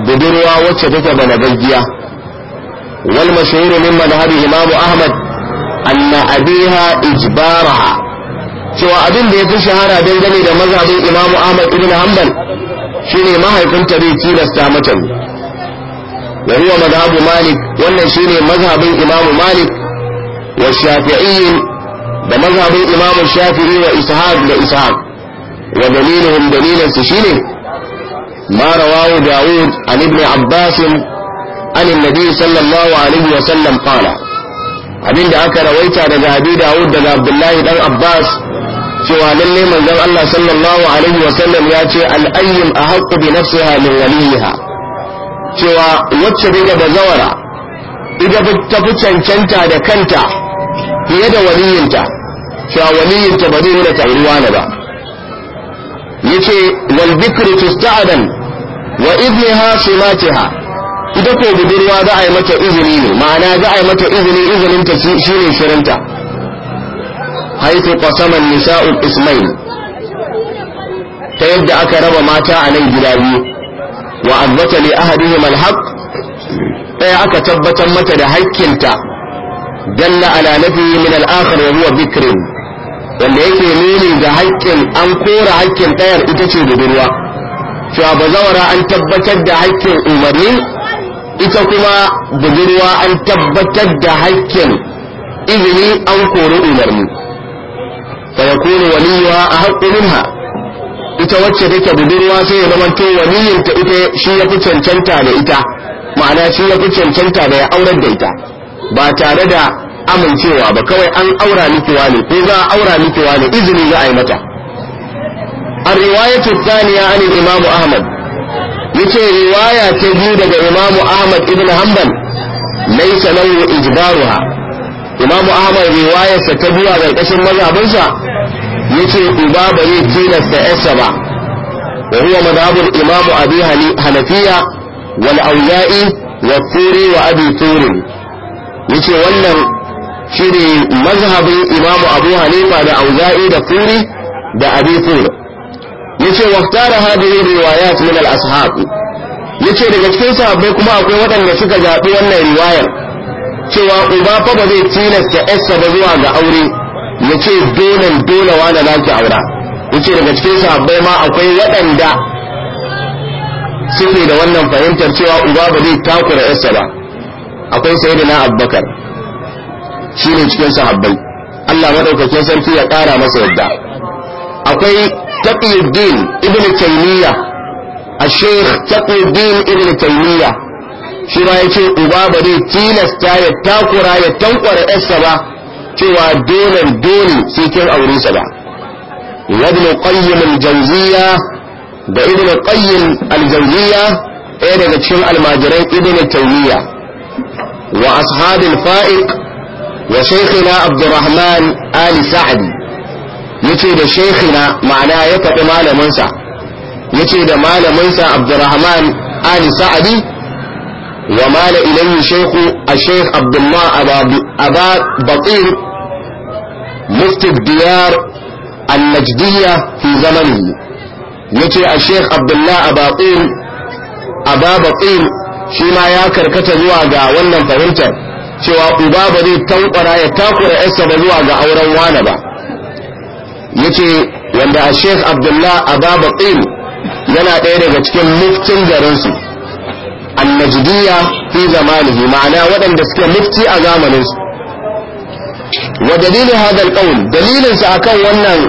budurwa wacce take bana gaggiya wal mashhur min madhhab imam ahmad anna abiha ijbaraha cewa abin da yafi shahara dangane da mazhabin imam ahmad ibn hanbal shine mahaifinta bai tilasta mata wa huwa malik wannan shine mazhabin imam malik wa shafi'i da mazhabin imam shafi'i wa ishaq da ishaq wa su shine ma rawahu daud an ibn abbas an wa sallam abinda aka rawaita daga abi daud daga abdullahi dan abbas cewa lalle manzon Allah sallallahu alaihi wa sallam ya ce al a ahqqu bi nafsiha min waliha cewa wacce daga da zawara idan ta fi cancanta da kanta fiye da waliyinta cewa waliyinta ba zai nuna ta'iruwa na ba yace wal bikru tusta'dan wa idniha simatiha ita ko budurwa za a yi mata izini ne ma'ana za a yi mata izini izinin ta shine shirinta haitu qasaman nisa'ul ismail ta yadda aka raba mata a nan gida biyu wa abbata li ahadihim alhaq ɗaya aka tabbatar mata da hakkinta dalla ala nafi min al wa huwa bikrin wanda yake nuni da hakkin an kora hakkin ɗayar ita ce budurwa cewa bazawara an tabbatar da hakkin umarni ita kuma budurwa an tabbatar da hakkin izini an kori umarni fa yakunu waliyuha ahqqu minha ita wacce take budurwa sai ya zama to waliyinta ita shi ya fi cancanta da ita ma'ana shi ya fi cancanta da ya aurar da ita ba tare da amincewa ba kawai an aura miki wani ko za a aura miki wani izini za a yi mata الرواية الثانية عن الإمام أحمد يتي رواية تجيد الإمام أحمد ابن حنبل ليس له إجبارها إمام أحمد رواية ستبوى ذلك اسم مذهبنسا yace uba ba zai tilasta yarsa ba wa huwa madhabul imam abi hanafiya wal awya'i wa turi wa abi turi yace wannan shine mazhabin imam abu hanifa da awya'i da turi da abi turi yace waftara hadhihi riwayat min al ashab yace daga cikin sahabbai kuma akwai waɗanda suka zaɓi wannan riwayar cewa uba fa ba zai tilasta yarsa ba zuwa ga aure ya ce dole dole da zaki aura ya ce daga cikin sahabbai ma akwai waɗanda suke da wannan fahimtar cewa uba ba zai takura yarsa ba akwai sayyidina abubakar shi ne cikin sahabbai Allah madaukakin sarki ya ƙara masa yadda akwai taqiyuddin ibn taymiya ash-shaykh taqiyuddin ibn taymiya shi ma ce uba ba zai tilasta ya takura ya tankwara yarsa ba cewa dole dole sai kin aure sa ba ibn qayyim al-jawziya da ibn qayyim al-jawziya ɗaya daga cikin almajiran ibn taymiya wa ashabil fa'iq wa shaykhina abdurrahman ali sa'di yace da shaykhina ma'ana ya faɗi malamin sa yace da malamin sa abdurrahman ali sa'di ومال إليه شيخ الشيخ عبد الله أبا بطير mufti diyar al-najdiyya fi zamanihi yace a sheikh abdullah abaqin ababaqin shi ma ya karkata zuwa ga wannan fahimtar cewa uba ba zai tankwara ya takura yarsa ba zuwa ga auren wane ba yace wanda a sheikh abdullah ababaqin yana ɗaya daga cikin muftin garinsu annajdiya fi zamanihi ma'ana waɗanda suke mufti a zamaninsu wa dalilin hadal qaul dalilin sa akan wannan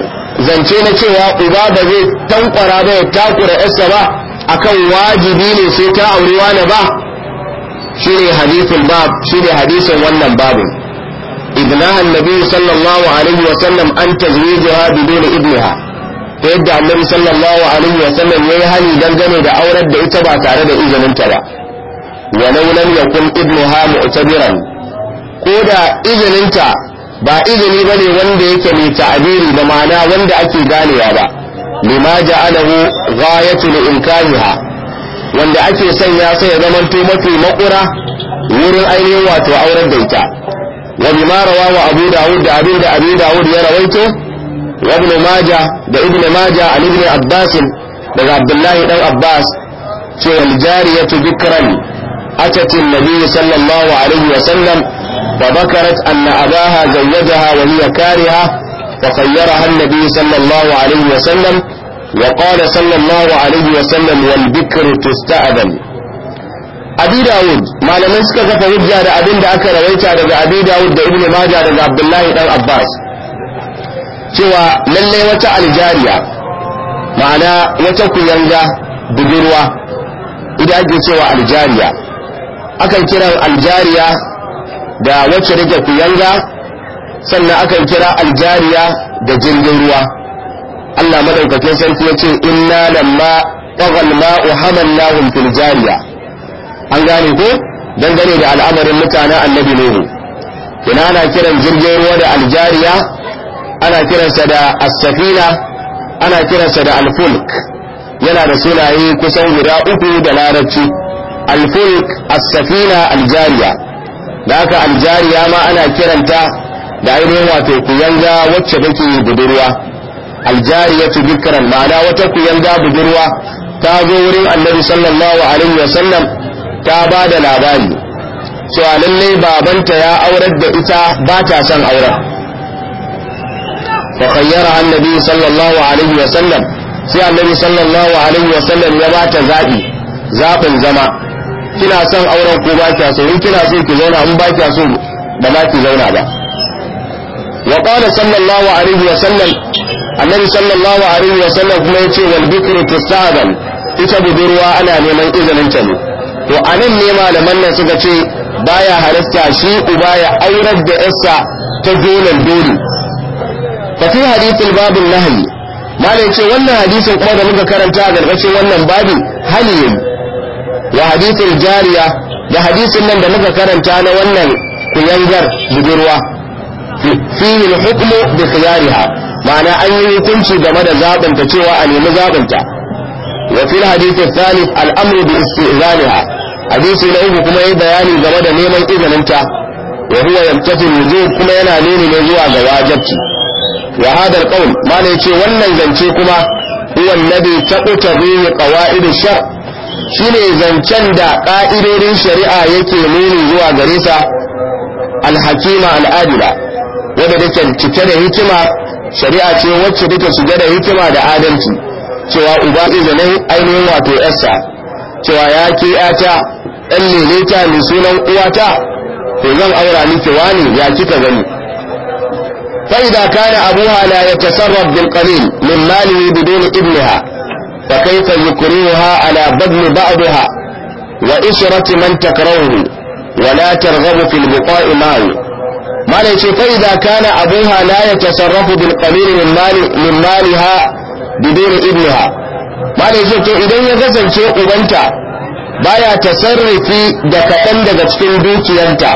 zance na cewa uba da zai tankwara ba ya takura yarsa ba akan wajibi ne sai ta auri wani ba shine hadithul bab shine hadisin wannan babin ibnaha annabi sallallahu alaihi wa sallam an tazwijuha bidun Ibnaha. ta yadda annabi sallallahu alaihi wa sallam yayi hali dangane da aurar da ita ba tare da izininta ba walau lam yakun ibnuha mu'tabiran ko da izininta ba izini ne wanda yake mai ta'abiri da ma'ana wanda ake ganewa ba lima ja'alahu ghayatul inkariha wanda ake sanya sai ya zama to mafi makura wurin ainihin wato auren da ita wa bima rawahu abu daud da abin da abu daud ya rawaito wa ibn maja da ibn maja Ali ibn abbas daga abdullahi dan abbas cewa al jariyatu bikran atat an-nabi sallallahu alaihi wa sallam وذكرت أن أباها زوجها وهي كارهة فخيرها النبي صلى الله عليه وسلم وقال صلى الله عليه وسلم والبكر تستأذن أبي داود ما لم يسكت فوجه دا أبن دا أكا رويتا دا أبي داود دا ابن ماجه دا عبد الله دا عباس cewa lallai wata aljariya ma'ana wata kuyanga budurwa idan ake cewa aljariya akan kiran aljariya da wacce rike kuyanga sannan akan kira aljariya da jirgin ruwa Allah madaukakin sarki ya ce inna lamma tagal ma'u hamallahum fil jariya an gane ko dangane da al'amarin mutanen annabi nuhu kina ana kiran jirgin ruwa da aljariya ana kiransa da as-safina ana kiransa da al-fulk yana da sunaye kusan guda uku da larabci al-fulk as-safina al da aka aljariya ma ana kiranta da ainihin wato kuyanga wacce take budurwa Aljariya aljariyatu bikran ma'ana wata kuyanga budurwa ta zo wurin annabi sallallahu alaihi wa sallam ta ba da labari a lallai babanta ya aurar da ita ba ta son aurar fa khayyara annabi sallallahu alaihi wa sallam sai annabi sallallahu alaihi wa sallam ya ba ta zabi zabin zama kina son auren ko ba kya so in kina so ki zauna in ba kya so ba za ki zauna ba wa qala sallallahu alaihi wa sallam annabi sallallahu alaihi wa sallam kuma yace wal bikru tusadan ita budurwa ana neman izinin ta ne to anan ne malaman nan suka ce baya halatta shi uba ya aurar da yarsa ta dole dole fa fi hadithul babin nahyi malai ce wannan hadisin kuma da muka karanta a gargashin wannan babin hali wa hadisin jariya da hadisin nan da muka karanta na wannan kuyangar budurwa fihi al-hukmu bi khiyariha ma'ana an yi hukunci game da zabinta cewa a nemi zabinta. wa fil hadith al-thalith al-amru bi istizaliha hadisi na uku kuma yayi bayani game da neman izininta wa huwa yamtafi kuma yana nuni ne zuwa ga wajibi wa hada al-qawl ma ne ce wannan zance kuma huwa alladhi taqtabi qawaid ash-shar' Shi ne zancen da ƙa'idodin shari'a yake nuni zuwa gare sa alhakima al'adila wadda take cike da hikima shari'a ce wacce take cike da hikima da adalci cewa uba izinin ainihin wato yasa. cewa ya ke yata ɗan ta ne sunan uwata ko zan aura miki wani ya kika gani فإذا كان أبوها لا يتصرف بالقليل من ماله بدون ابنها فكيف يكرهها على بذل بعضها وإشرة من تكرهه ولا ترغب في البقاء معه ما ليش فإذا كان أبوها لا يتصرف بالقليل من, مال من مالها بدون ابنها ما ليش إذن يغزل شيء أبنتا baya tasarrufi da kaɗan daga cikin dukiyarta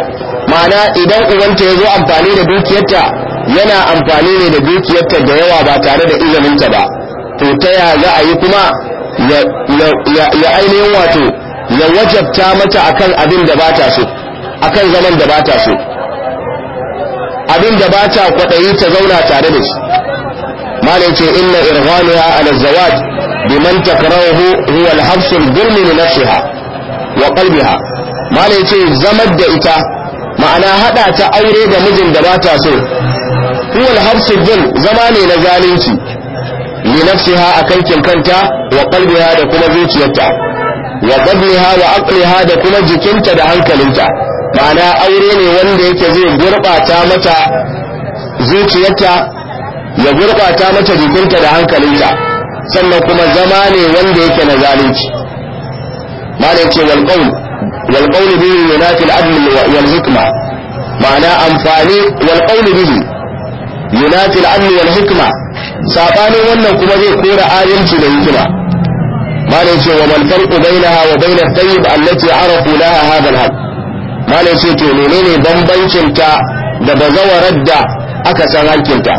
ma'ana idan ubanta ya zo amfani da dukiyarta yana amfani ne da dukiyarta da yawa ba tare da izininta ba to ta ya za a yi kuma ya ainihin wato ya wajabta mata akan abin da ba ta so akan zaman da ba ta so abin da ba ta kwaɗayi ta zauna tare da shi malin ce inna ya ala zawaj man takrahu huwa al hafsul dhulmi li nafsiha wa qalbiha malin ce zamar da ita ma'ana hada ta aure da mijin da ba ta so huwa al hafsul dhulm zama ne na zalunci li nafsiha akan kanta wa qalbiha da kuma zuciyarta wa badniha wa aqliha da kuma jikinta da hankalinta ma'ana aure ne wanda yake zai gurbata mata zuciyarta ya gurbata mata jikinta da hankalinta sannan kuma zama ne wanda yake na zalunci malam ce wal qawl wal qawl bihi yunafi al adl wal hikma ma'ana amfani wal qawl bihi yunafi al adl wal hikma sabanin wannan kuma zai kora adalci da hikima malai ce wa man farqu bainaha wa bainat tayyib allati arafu laha hadha al malai ce to menene bambancin ta da bazawarar da aka san hankinta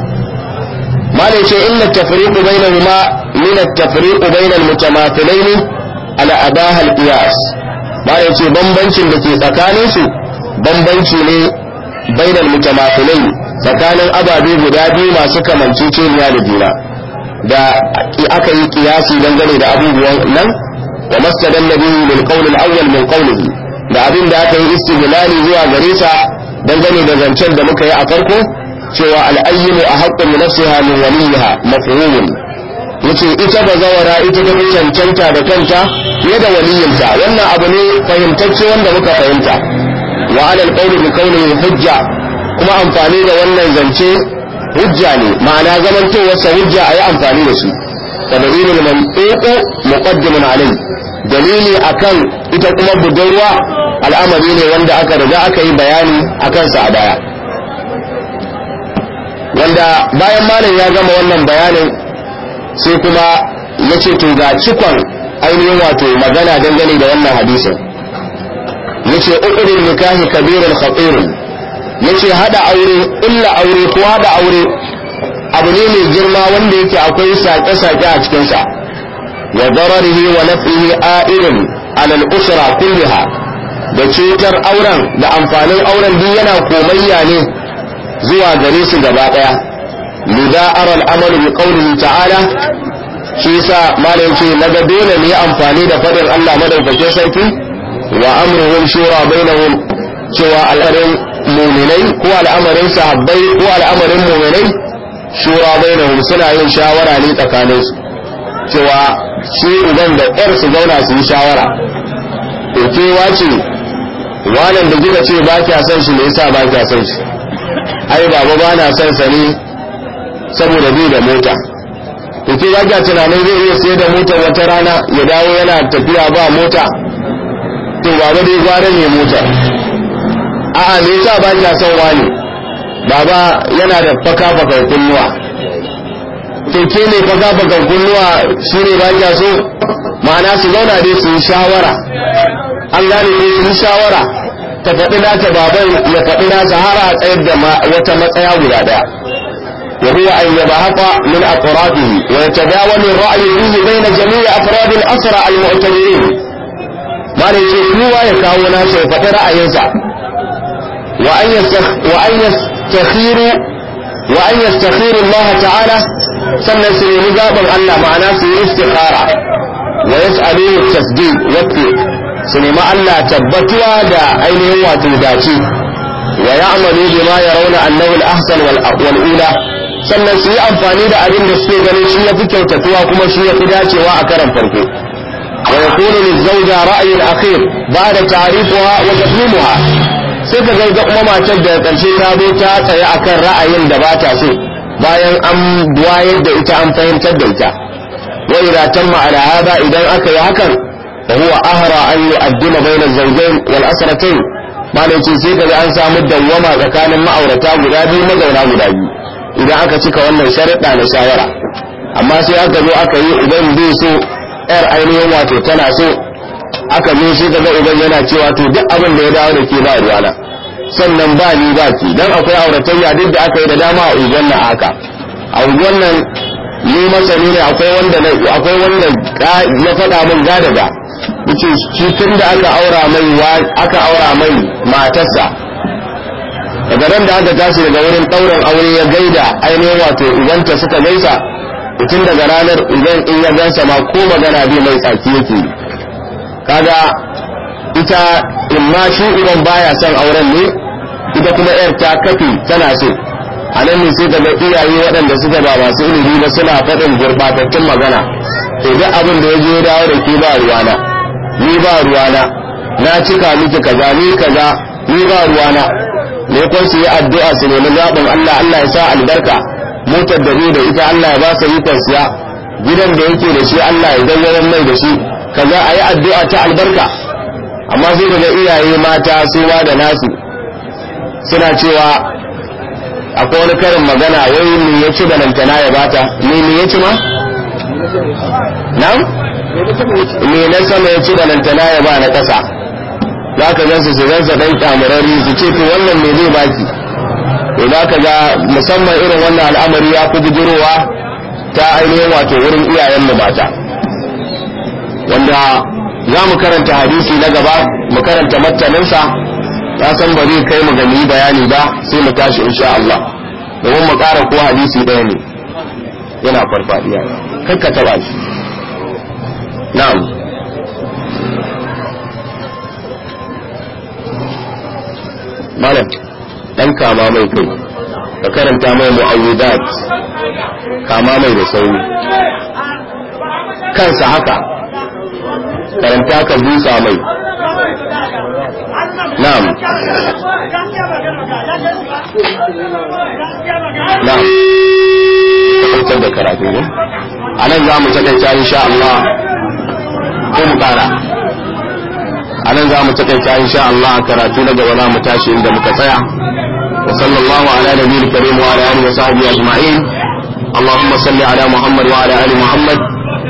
malai ce inna tafriqu bainahuma min at-tafriqu bainal mutamathilaini ala abaha al-qiyas malai ce bambancin da ke tsakanin su bambanci ne bainal mutamathilaini tsakanin ababe guda biyu masu kamanceceniya da juna da aka yi kiyasi dangane da abubuwan nan wa masadan nabi min qawlil awwal min qawlihi da abin da aka yi istihlali zuwa gare sa dangane da zancen da muka yi a farko cewa al-ayyimu ahaqqu min nafsiha min waliha mafhumun yace ita bazawara ita ta cancanta da kanta fiye da waliyinta wannan abu ne fahimtacce wanda muka fahimta wa ala al-qawli bi qawlihi hujja kuma amfani da wannan zance hujja ne ma'ana zamantowarsa hujja ayi amfani da shi fa dalilul mamduqu muqaddimun alai dalili akan ita kuma budurwa al'amari ne wanda aka riga aka yi bayani akan sa a baya wanda bayan malam ya gama wannan bayanin sai kuma ya ce to ga cikon ainihin wato magana dangane da wannan hadisin yace ukurin nikahi kabirun khatirin yace hada aure illa aure ko hada aure abu ne mai girma wanda yake akwai sake-sake a cikinsa wa dararihi wa nafihi a'irin alal usra kulliha da cutar auren da amfanin auren duk yana komayya ne zuwa gare su gaba daya aral amal bi qawlihi ta'ala shi yasa malam ce naga dole ne amfani da fadin Allah madaukakin sarki wa amruhum shura bainahum cewa al'arin muminai ko al'amarin sahabbai ko al'amarin muminai shura bainahum suna yin shawara ne tsakanin su cewa shi idan da ƴar su zauna su yi shawara to ke wace wannan da gida ce ba kya son shi me yasa ba kya son shi ai baba ba na son sa ne saboda bai da mota to ke ba kya tunanin zai iya sayar da motar wata rana ya dawo yana tafiya ba mota to baba dai gware ne mota a'a me yasa ba kya son wani baba yana da faka bakar kunnuwa to ke ne faka bakar kunnuwa shi ne ba kya so ma'ana su zauna dai su yi shawara an gane ne su shawara ta faɗi nata baban ya faɗi nasa har a tsayar da wata matsaya guda ɗaya وهو أن يبحث من na ويتداول الرأي فيه بين al أفراد الأسرى المعتبرين ما ce kowa ya kawo nasa ya faɗi ra'ayinsa وأن يستخيروا وأن يستخير الله تعالى سنة سيريجا بل أن معنا سيستخارة ويسأله التسديد ما أن لا تبتوا دا أين هو تنداتي ويعملوا بما يرون أنه الأحسن والأولى سنة سيئة فانيدا أدين دستيغني شيئة فكرة تتوى كما شيئة تداتي وأكرم فرقه ويقول للزوجة رأي الأخير بعد تعريفها وتسليمها sai ka ga kuma matar da karshe ta zo ta tsaya akan ra'ayin da ba ta so bayan an wayar da ita an fahimtar da ita wa ila tamma ala hada idan aka yi hakan fa huwa ahra an yu'addila bayna zawjayn wal asratayn malai ce sai kaga an samu dawwama tsakanin ma'aurata guda biyu mazauna guda biyu idan aka cika wannan sharuɗa na shawara amma sai aka zo aka yi idan zai so yar ainihin wato tana so aka ne shi kaga uban yana cewa to duk abin da ya dawo da ke ba ruwana sannan ba ni ba ki dan akwai auratayya duk da aka yi da dama a uban nan haka a uban nan ni masani ne akwai wanda akwai wanda ya faɗa min ga daga yace shi tun da aka aura mai aka aura mai matarsa daga ran da aka tashi daga wurin ɗaurin aure ya gaida ainihin wato ubanta suka gaisa tun daga ranar uban in ya gansa ma ko magana bai mai tsaki yake kaga ita imma shi uban baya son auren ne ita kuma yar ta kafi tana so a nan ne sai daga iyaye waɗanda suka ba masu ilimi ba suna faɗin gurɓatattun magana to duk abin da ya je dawo da ke ba ruwana ni ba ruwana na cika miki kaza ni kaza ni ba ruwana ne ko su yi addu'a su nemi zaɓin Allah Allah ya sa albarka motar da da ita Allah ya ba sa yi siya gidan da yake da shi Allah ya zama mai da shi kaza a yi addu'a ta albarka amma sai daga iyaye mata su ma da nasu suna cewa akwai wani karin magana wai mu ya ci da nan tana ya bata me ne ya ci ma me na sama ya ci da nan tana ya ba na kasa za ka gan su sa ɗan kamarari su ce to wannan ne zai baki za ka ga musamman irin wannan al'amari ya fi bijirowa ta ainihin wato wurin iyayen mu mata wanda za mu karanta hadisi na gaba mu karanta martaninsa ta san ba zai kai mu ga mu yi bayani ba sai mu tashi insha Allah domin mu ƙara ko hadisi ɗaya ne yana farfadiya ka taɓa shi na'am malam dan kama mai kai ka karanta mai mu'awwidat kama mai da sauri kansa haka karanta ka busa mai na'am na'am kautar da karatu ne a nan za mu takaita insha Allah ko mu kara a nan za mu takaita insha Allah karatu na gaba za mu tashi inda muka tsaya wa sallallahu ala nabiyil karim wa ala alihi wa sahbihi ajma'in اللهم صل على محمد وعلى ال محمد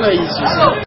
在一起。